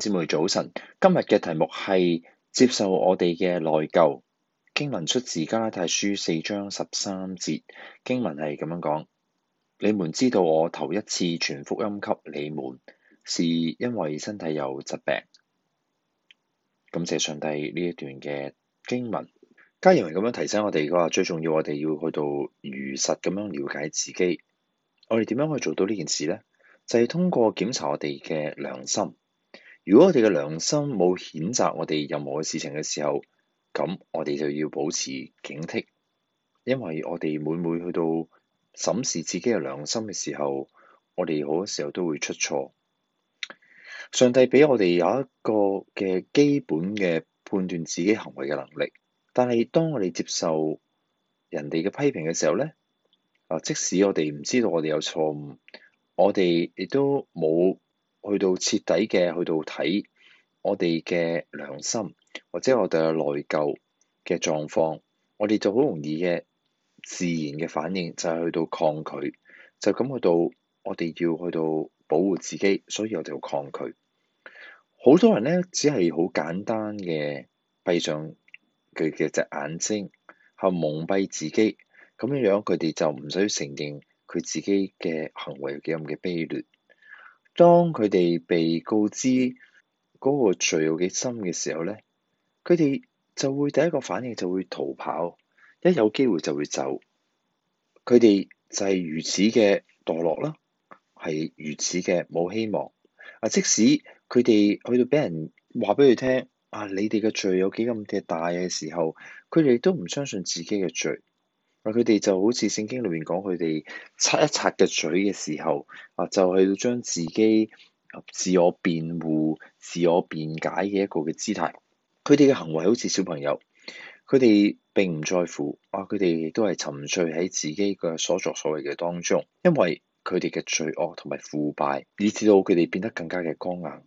姐妹早晨，今日嘅題目係接受我哋嘅內疚。經文出自《加拉太書》四章十三節，經文係咁樣講： 你們知道我頭一次傳福音給你們，是因為身體有疾病。感謝上帝。呢一段嘅經文，加人係咁樣提醒我哋嘅話，最重要我哋要去到如實咁樣了解自己。我哋點樣去做到呢件事呢？就係、是、通過檢查我哋嘅良心。如果我哋嘅良心冇譴責我哋任何嘅事情嘅時候，咁我哋就要保持警惕，因為我哋每每去到審視自己嘅良心嘅時候，我哋好多時候都會出錯。上帝俾我哋有一個嘅基本嘅判斷自己行為嘅能力，但係當我哋接受人哋嘅批評嘅時候咧，即使我哋唔知道我哋有錯誤，我哋亦都冇。去到徹底嘅，去到睇我哋嘅良心，或者我哋嘅內疚嘅狀況，我哋就好容易嘅自然嘅反應就係去到抗拒，就咁去到我哋要去到保護自己，所以我哋要抗拒。好多人咧，只係好簡單嘅閉上佢嘅隻眼睛，後蒙蔽自己咁樣樣，佢哋就唔使承認佢自己嘅行為有幾咁嘅卑劣。當佢哋被告知嗰個罪有幾深嘅時候咧，佢哋就會第一個反應就會逃跑，一有機會就會走。佢哋就係如此嘅墮落啦，係如此嘅冇希望。啊，即使佢哋去到俾人話俾佢聽啊，你哋嘅罪有幾咁嘅大嘅時候，佢哋都唔相信自己嘅罪。佢哋就好似聖經裏面講佢哋擦一擦嘅嘴嘅時候，啊就係要將自己自我辯護、自我辯解嘅一個嘅姿態。佢哋嘅行為好似小朋友，佢哋並唔在乎。啊！佢哋亦都係沉醉喺自己嘅所作所為嘅當中，因為佢哋嘅罪惡同埋腐敗，以至到佢哋變得更加嘅剛硬，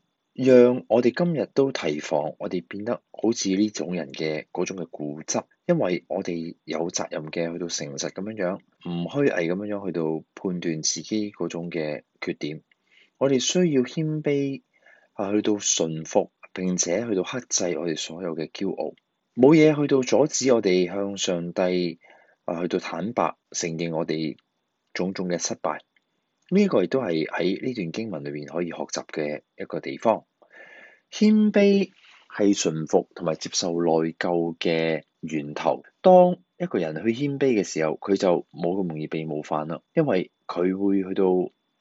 讓我哋今日都提防我哋變得好似呢種人嘅嗰種嘅固執。因為我哋有責任嘅，去到誠實咁樣樣，唔虛偽咁樣樣去到判斷自己嗰種嘅缺點。我哋需要謙卑，啊去到順服，並且去到克制我哋所有嘅驕傲，冇嘢去到阻止我哋向上帝啊去到坦白承認我哋種種嘅失敗。呢一個亦都係喺呢段經文裏面可以學習嘅一個地方。謙卑係順服同埋接受內疚嘅源頭，當一個人去謙卑嘅時候，佢就冇咁容易被冒犯啦。因為佢會去到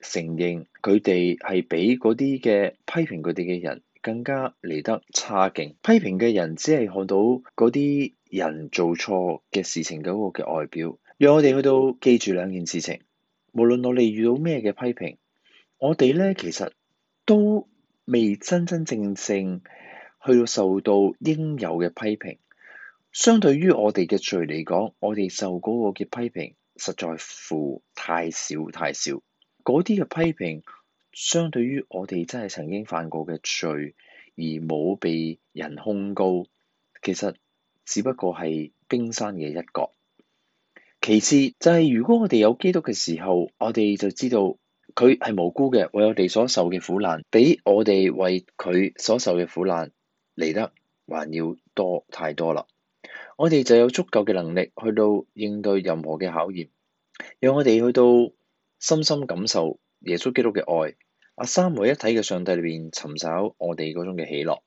承認佢哋係比嗰啲嘅批評佢哋嘅人更加嚟得差勁，批評嘅人只係看到嗰啲人做錯嘅事情嗰個嘅外表。讓我哋去到記住兩件事情，無論我哋遇到咩嘅批評，我哋咧其實都未真真正正去到受到應有嘅批評。相對於我哋嘅罪嚟講，我哋受嗰個嘅批評實在乎太少太少。嗰啲嘅批評，相對於我哋真係曾經犯過嘅罪而冇被人控告，其實只不過係冰山嘅一角。其次就係如果我哋有基督嘅時候，我哋就知道佢係無辜嘅。為我哋所受嘅苦難，比我哋為佢所受嘅苦難嚟得還要多太多啦。我哋就有足夠嘅能力去到應對任何嘅考驗，讓我哋去到深深感受耶穌基督嘅愛，阿三位一體嘅上帝裏邊尋找我哋嗰種嘅喜樂。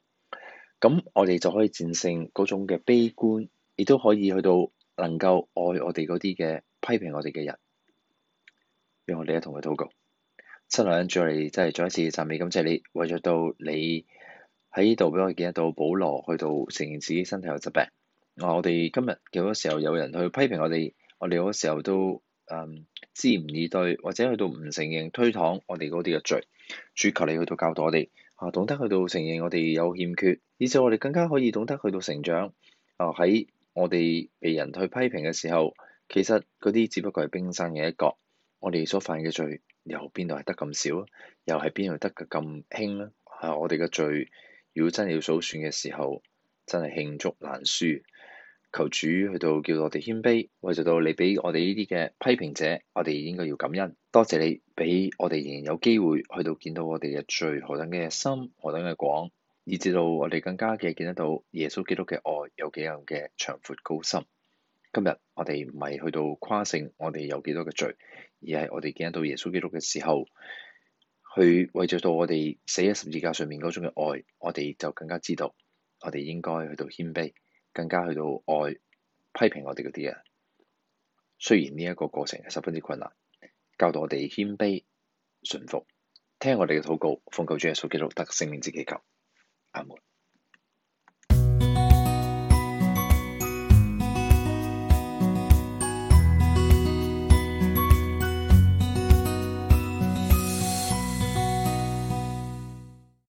咁我哋就可以戰勝嗰種嘅悲觀，亦都可以去到能夠愛我哋嗰啲嘅批評我哋嘅人，讓我哋一同去禱告。七樓忍住，我哋真係再一次讚美，感謝你為咗到你喺呢度俾我見得到保羅去到承認自己身體有疾病。啊、我哋今日有時候有人去批評我哋，我哋有時候都嗯知唔以對，或者去到唔承認推搪我哋嗰啲嘅罪，主求你去到教導我哋啊，懂得去到承認我哋有欠缺，而且我哋更加可以懂得去到成長。啊！喺我哋被人去批評嘅時候，其實嗰啲只不過係冰山嘅一角，我哋所犯嘅罪又邊度係得咁少？又係邊度得嘅咁輕咧？啊！我哋嘅罪，如果真係要數算嘅時候，真係罄竹難書。求主去到叫我哋謙卑，為咗到你俾我哋呢啲嘅批評者，我哋應該要感恩，多謝你俾我哋仍然有機會去到見到我哋嘅罪何等嘅深，何等嘅廣，以至到我哋更加嘅見得到耶穌基督嘅愛有幾樣嘅長闊高深。今日我哋唔係去到誇勝，我哋有幾多嘅罪，而係我哋見得到耶穌基督嘅時候，去為咗到我哋死喺十字架上面嗰種嘅愛，我哋就更加知道，我哋應該去到謙卑。更加去到愛批評我哋嗰啲啊，雖然呢一個過程係十分之困難，教導我哋謙卑、順服、聽我哋嘅禱告，奉求主耶穌基督得聖靈之祈求。阿門。